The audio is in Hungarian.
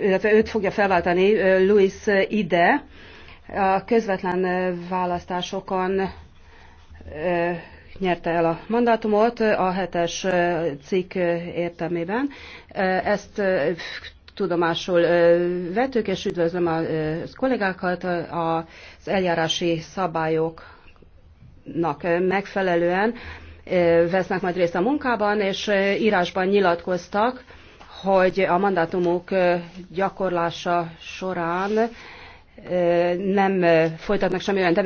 illetve őt fogja felváltani Louis Ide. A közvetlen választásokon nyerte el a mandátumot a hetes cikk értelmében. Ezt tudomásul vettük, és üdvözlöm a kollégákat az eljárási szabályoknak megfelelően vesznek majd részt a munkában, és írásban nyilatkoztak, hogy a mandátumok gyakorlása során nem folytatnak semmilyen tevékenységet